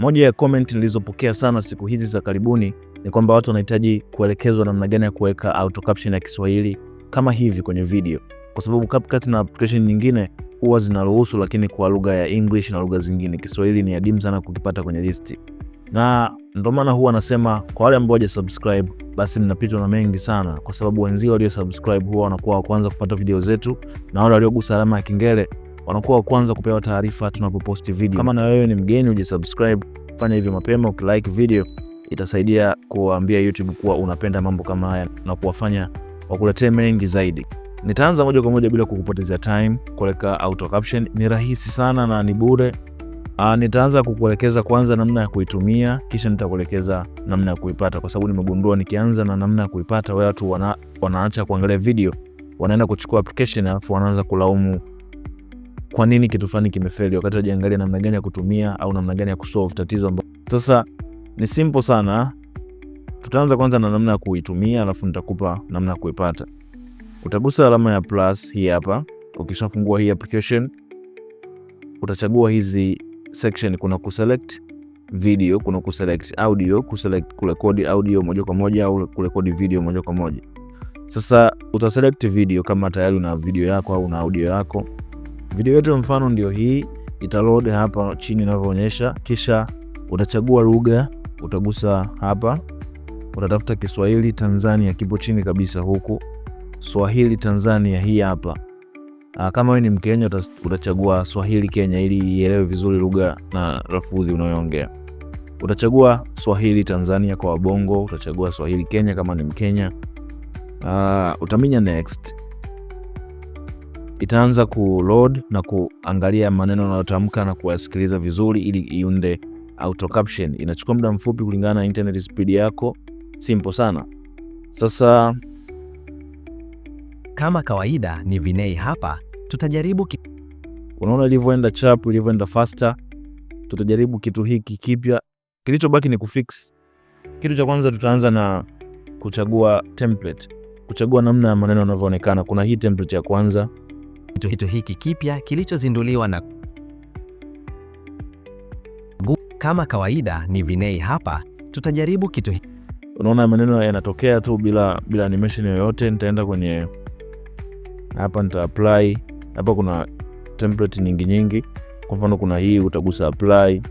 Moja ya comment nilizopokea sana siku hizi za karibuni ni kwamba watu wanahitaji kuelekezwa namna gani ya kuweka auto caption ya Kiswahili kama hivi kwenye video, kwa sababu CapCut na application nyingine huwa zinaruhusu, lakini kwa lugha ya English na lugha zingine. Kiswahili ni adimu sana kukipata kwenye listi, na ndio maana huwa nasema kwa wale ambao hawajasubscribe, basi mnapitwa na mengi sana, kwa sababu wenzio walio subscribe huwa wanakuwa wa kwanza kupata video zetu, na wale waliogusa alama ya kengele wanakuwa wa kwanza kupewa taarifa tunapoposti video. Kama na wewe ni mgeni hujasubscribe, fanya hivyo mapema. Ukilike video itasaidia kuwaambia YouTube kuwa unapenda mambo kama haya na kuwafanya wakuletee mengi zaidi. Nitaanza moja kwa moja bila kukupotezea time kuweka auto caption. Ni rahisi sana na ni bure. Ah, nitaanza kukuelekeza kwanza namna ya kuitumia, kisha nitakuelekeza namna ya kuipata, kwa sababu nimegundua nikianza na namna ya kuipata, watu wana, wanaacha kuangalia video, wanaenda kuchukua application alafu wanaanza kulaumu kwa nini kitu fulani kimefeli, wakati ajiangalia namna gani ya kutumia au namna gani ya kusolve tatizo ambalo. Sasa ni simple sana, tutaanza kwanza na namna ya kuitumia, alafu nitakupa namna ya kuipata. Utagusa alama ya plus hii hapa. Ukishafungua hii application, utachagua hizi section, kuna kuselect video, kuna kuselect audio, kuselect kurekodi audio moja kwa moja au kurekodi video moja kwa moja. Sasa utaselect video kama tayari una video yako au una audio yako Video yetu mfano ndio hii, itaload hapa chini inavyoonyesha, kisha utachagua lugha, utagusa hapa, utatafuta Kiswahili Tanzania, kipo chini kabisa huku, Swahili Tanzania, hii hapa. Ah, kama wewe ni Mkenya utachagua Swahili Kenya ili ielewe vizuri lugha na lafudhi unayoongea. Utachagua Swahili Tanzania kwa Wabongo, utachagua Swahili Kenya kama ni Mkenya. Uh, utaminya next itaanza ku load na kuangalia maneno yanayotamka na kuyasikiliza vizuri ili iunde auto caption. Inachukua muda mfupi kulingana na internet speed yako. Simple sana. Sasa kama kawaida ni Vinei hapa, tutajaribu ki... unaona ilivyoenda chap, ilivyoenda faster. Tutajaribu kitu hiki kipya, kilichobaki ni kufix. Kitu cha kwanza tutaanza na kuchagua template, kuchagua namna ya maneno yanavyoonekana. Kuna hii template ya kwanza Kituo hiki kipya kilichozinduliwa na kama kawaida ni Vinei hapa, tutajaribu kitu hiki. Unaona maneno yanatokea tu bila bila animation yoyote. Nitaenda kwenye hapa, nita apply hapa. Kuna template nyingi nyingi, kwa mfano kuna hii, utagusa apply.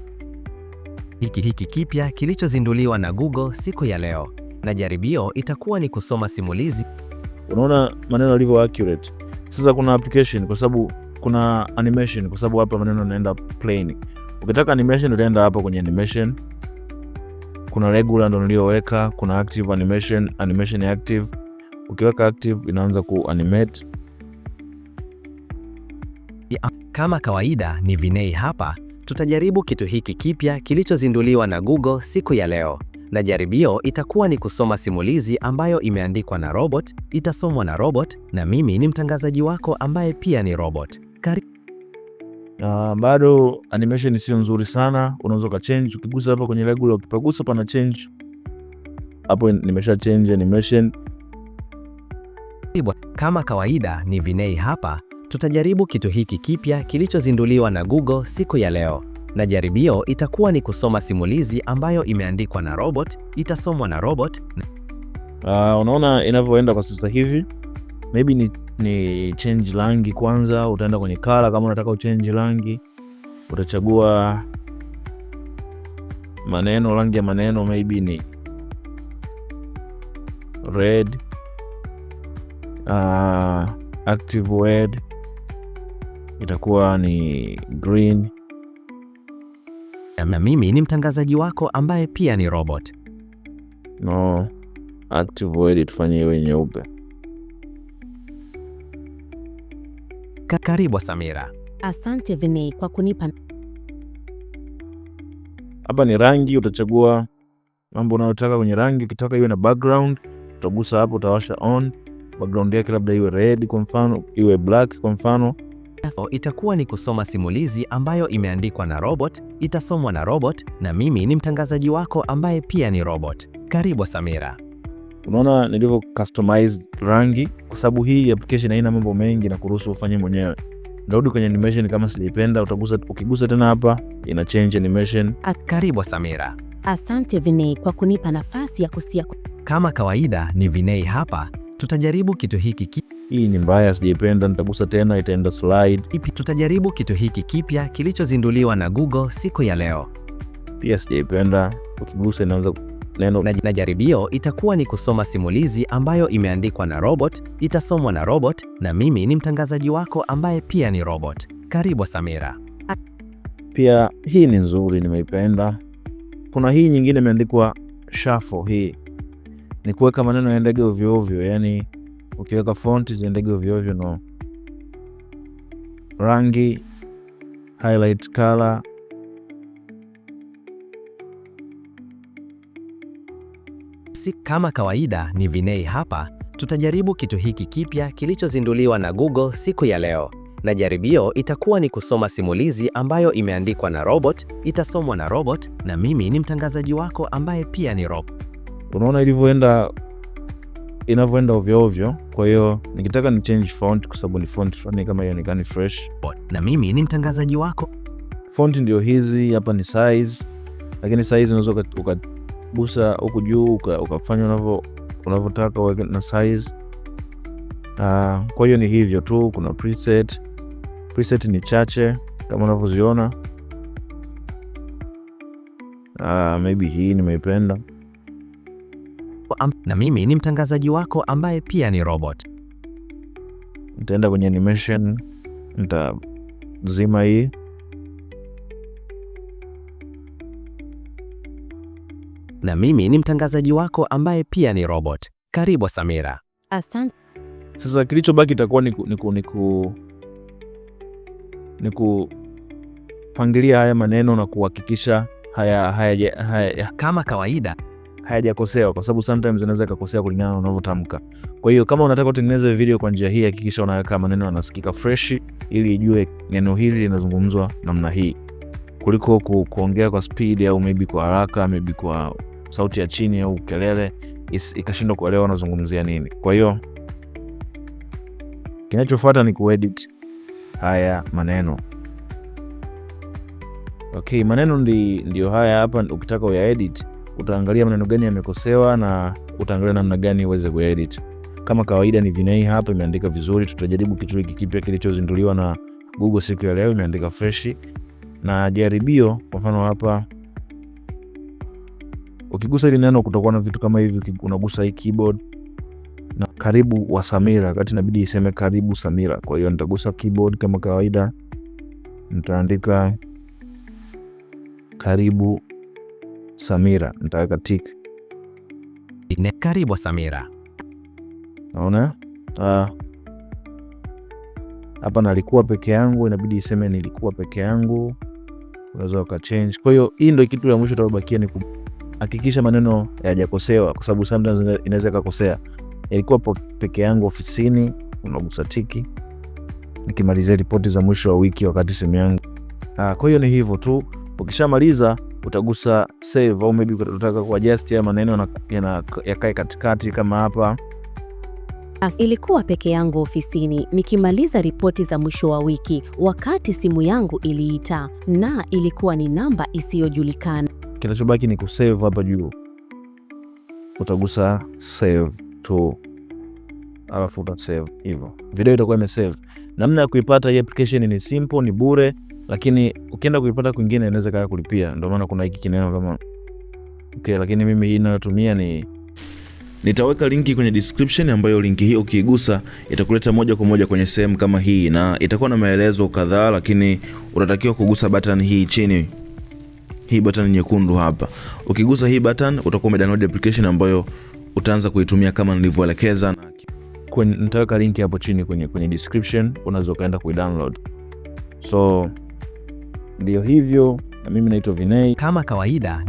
Hiki hiki kipya kilichozinduliwa na Google siku ya leo, na jaribio itakuwa ni kusoma simulizi. Unaona maneno yalivyo accurate. Sasa kuna application kwa sababu kuna animation kwa sababu hapa maneno yanaenda plain. Ukitaka animation utaenda hapa kwenye animation. Kuna regular ndo niliyoweka, kuna active animation, animation active. Ukiweka active inaanza kuanimate. Kama kawaida ni Vinei hapa, tutajaribu kitu hiki kipya kilichozinduliwa na Google siku ya leo na jaribio itakuwa ni kusoma simulizi ambayo imeandikwa na robot, itasomwa na robot, na mimi ni mtangazaji wako ambaye pia ni robot. Kari... Uh, bado animation sio nzuri sana, unaweza ka change ukigusa hapa kwenye regular, ukipagusa pana change hapo, nimesha change animation. Kama kawaida ni Vinei hapa, tutajaribu kitu hiki kipya kilichozinduliwa na Google siku ya leo na jaribio itakuwa ni kusoma simulizi ambayo imeandikwa na robot, itasomwa na robot. Uh, unaona inavyoenda kwa sasa hivi, maybe ni, ni change rangi kwanza. Utaenda kwenye kala, kama unataka uchange rangi utachagua maneno, rangi ya maneno maybe ni red, uh, active red itakuwa ni green na mimi ni mtangazaji wako ambaye pia ni robot. No, active word tufanye iwe nyeupe. Karibu Samira. Asante Vinei kwa kunipa. Hapa ni rangi, utachagua mambo unayotaka kwenye rangi. Ukitaka iwe na background, utagusa hapo, utawasha on. Background yake labda iwe red kwa mfano, iwe black kwa mfano itakuwa ni kusoma simulizi ambayo imeandikwa na robot, itasomwa na robot, na mimi ni mtangazaji wako ambaye pia ni robot. Karibu Samira. Unaona nilivyo customize rangi, kwa sababu hii application haina mambo mengi na kuruhusu ufanye mwenyewe. Ndarudi kwenye animation kama sijaipenda, utagusa ukigusa tena hapa ina change animation. Karibu Samira. Asante Vinei kwa kunipa nafasi ya kusia. Kama kawaida ni Vinei hapa, tutajaribu kitu hiki. Hii ni mbaya, sijaipenda, nitagusa tena, itaenda slide. Ipi tutajaribu kitu hiki kipya kilichozinduliwa na Google siku ya leo. Pia sijaipenda, ukigusa inaanza neno na jaribio itakuwa ni kusoma simulizi ambayo imeandikwa na robot, itasomwa na robot, na mimi ni mtangazaji wako ambaye pia ni robot. Karibu Samira. Pia hii ni nzuri, nimeipenda. Kuna hii nyingine imeandikwa shafo, hii ni kuweka maneno ya ndege ovyo ovyo, yani ukiweka fonti ziendege ovyo ovyo, no rangi highlight color si kama kawaida ni Vinei hapa. Tutajaribu kitu hiki kipya kilichozinduliwa na Google siku ya leo, na jaribio itakuwa ni kusoma simulizi ambayo imeandikwa na robot, itasomwa na robot, na mimi ni mtangazaji wako ambaye pia ni robot. Unaona ilivyoenda inavyoenda ovyo ovyo. Kwa hiyo nikitaka ni change font, kwa sababu ni font fulani kama ionekane fresh. Na mimi ni mtangazaji wako. Font ndio hizi hapa, ni size, lakini size unaweza ukagusa huku juu ukafanya unavyotaka na size. Uh, kwa hiyo ni hivyo tu. Kuna preset. Preset ni chache kama unavyoziona. Uh, maybe hii nimeipenda wako na mimi ni mtangazaji wako ambaye pia ni robot. Nitaenda kwenye animation, nitazima hii na mimi ni mtangazaji wako ambaye pia ni robot. Karibu Samira. Asante. Sasa kilichobaki itakuwa ni niku, ni niku pangilia haya maneno na kuhakikisha haya, haya, haya, haya. Kama kawaida hayajakosewa, kwa sababu sometimes unaweza kukosea kulingana na unavyotamka. Kwa hiyo kama unataka kutengeneza video kwa njia hii, hakikisha unaweka maneno yanasikika fresh, ili ijue neno hili linazungumzwa namna hii, kuliko ku, kuongea kwa speed au maybe kwa haraka, maybe kwa sauti ya chini au kelele, ikashindwa kuelewa unazungumzia nini. Kwa hiyo kinachofuata ni kuedit haya maneno. Okay, maneno ndi, ndio haya hapa, ukitaka uya edit utaangalia maneno gani yamekosewa na utaangalia namna gani uweze kuedit. Kama kawaida ni Vinei hapa imeandika vizuri. Tutajaribu kitu hiki kipya kilichozinduliwa na Google siku ya leo, imeandika fresh na jaribio. Kwa mfano hapa ukigusa hili neno kutakuwa na vitu kama hivi, unagusa hii keyboard na karibu wa Samira, kati inabidi iseme karibu Samira. Kwa hiyo nitagusa keyboard kama kawaida, nitaandika karibu Samira, nitaweka tick. Karibu Samira. Naona ah. hapa nalikuwa peke yangu, inabidi iseme nilikuwa peke yangu, unaweza ukachange. Kwa hiyo hii ndio kitu ya mwisho itabakia ni kuhakikisha maneno hayajakosewa, kwa sababu sometimes inaweza ikakosea. Ilikuwa peke yangu ofisini, unagusa tiki. Nikimalizia ripoti za mwisho wa wiki wakati simu yangu. Ah, kwa hiyo ni hivyo tu, ukishamaliza utagusa save au maybe utataka adjust ya maneno yakae katikati kama hapa. Ilikuwa peke yangu ofisini nikimaliza ripoti za mwisho wa wiki, wakati simu yangu iliita na ilikuwa ni namba isiyojulikana. Kinachobaki ni kusave hapa juu, utagusa save to, alafu utasave hivyo, video itakuwa imesave. Namna ya kuipata hii application ni simple, ni bure lakini ukienda kuipata kwingine inaweza kaa kulipia. Ndio maana kuna hiki kineno kama okay, lakini mimi hii ninayotumia ni Nitaweka linki kwenye description ambayo linki hiyo ukiigusa itakuleta moja kwa moja kwenye sehemu kama hii, na itakuwa na maelezo kadhaa, lakini unatakiwa kugusa button hii chini, hii button nyekundu hapa. Ukigusa hii button utakuwa umedownload application ambayo utaanza kuitumia kama nilivyoelekeza. Nitaweka linki hapo chini kwenye, kwenye description unaweza ukaenda kuidownload so ndio hivyo, na mimi naitwa Vinei kama kawaida.